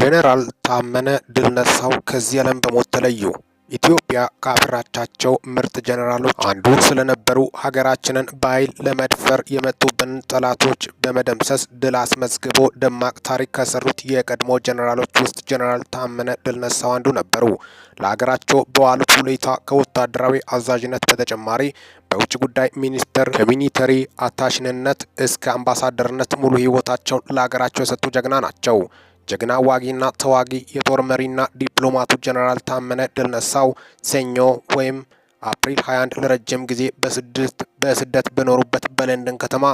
ጄኔራል ታመነ ድልነሳው ከዚህ ዓለም በሞት ተለዩ። ኢትዮጵያ ካፈራቻቸው ምርጥ ጄኔራሎች አንዱ ስለነበሩ ሀገራችንን በኃይል ለመድፈር የመጡብን ጠላቶች በመደምሰስ ድል አስመዝግቦ ደማቅ ታሪክ ከሰሩት የቀድሞ ጄኔራሎች ውስጥ ጄኔራል ታመነ ድልነሳው አንዱ ነበሩ። ለሀገራቸው በዋሉት ሁኔታ ከወታደራዊ አዛዥነት በተጨማሪ በውጭ ጉዳይ ሚኒስቴር ከሚኒተሪ አታሽንነት እስከ አምባሳደርነት ሙሉ ህይወታቸውን ለሀገራቸው የሰጡ ጀግና ናቸው። ጀግና ዋጊና ተዋጊ የጦር መሪና ዲፕሎማቱ ጀነራል ታመነ ድልነሳው ሰኞ ወይም አፕሪል 21 ለረጅም ጊዜ በስደት በኖሩበት በለንደን ከተማ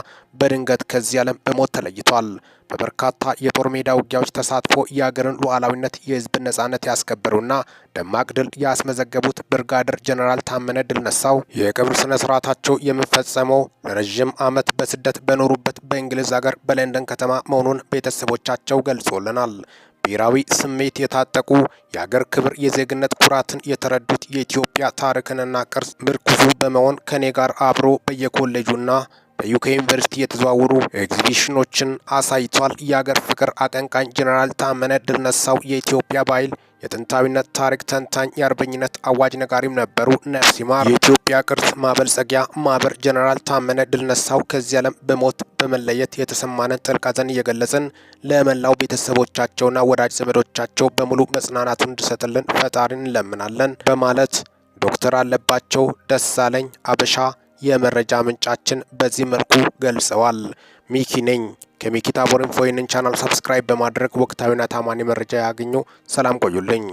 በድንገት ከዚህ ዓለም በሞት ተለይቷል። በበርካታ የጦር ሜዳ ውጊያዎች ተሳትፎ የአገርን ሉዓላዊነት፣ የህዝብን ነጻነት ያስከበሩና ደማቅ ድል ያስመዘገቡት ብርጋደር ጀነራል ታመነ ድልነሳው የቅብር ስነ ስርዓታቸው የሚፈጸመው ለረዥም ዓመት በስደት በኖሩበት በእንግሊዝ ሀገር በለንደን ከተማ መሆኑን ቤተሰቦቻቸው ገልጾልናል። ብሔራዊ ስሜት የታጠቁ የሀገር ክብር የዜግነት ኩራትን የተረዱት የኢትዮጵያ ታሪክንና ቅርስ ምርኩዙ በመሆን ከኔ ጋር አብሮ በየኮሌጁና በዩኬ ዩኒቨርሲቲ የተዘዋወሩ ኤግዚቢሽኖችን አሳይቷል። የአገር ፍቅር አቀንቃኝ ጀኔራል ታመነ ድልነሳው የኢትዮጵያ ባይል የጥንታዊነት ታሪክ ተንታኝ፣ የአርበኝነት አዋጅ ነጋሪም ነበሩ። ነፍስ ይማር። የኢትዮጵያ ቅርስ ማበልጸጊያ ማህበር ጀነራል ታመነ ድልነሳው ከዚህ ዓለም በሞት በመለየት የተሰማነ ጥልቅ ሐዘን እየገለጽን ለመላው ቤተሰቦቻቸውና ወዳጅ ዘመዶቻቸው በሙሉ መጽናናቱን እንዲሰጥልን ፈጣሪን እንለምናለን በማለት ዶክተር አለባቸው ደሳለኝ አበሻ የመረጃ ምንጫችን በዚህ መልኩ ገልጸዋል። ሚኪ ነኝ ከሚኪ ታቦር ቻናል ሰብስክራይብ በማድረግ ወቅታዊና ታማኒ መረጃ ያገኙ። ሰላም ቆዩልኝ።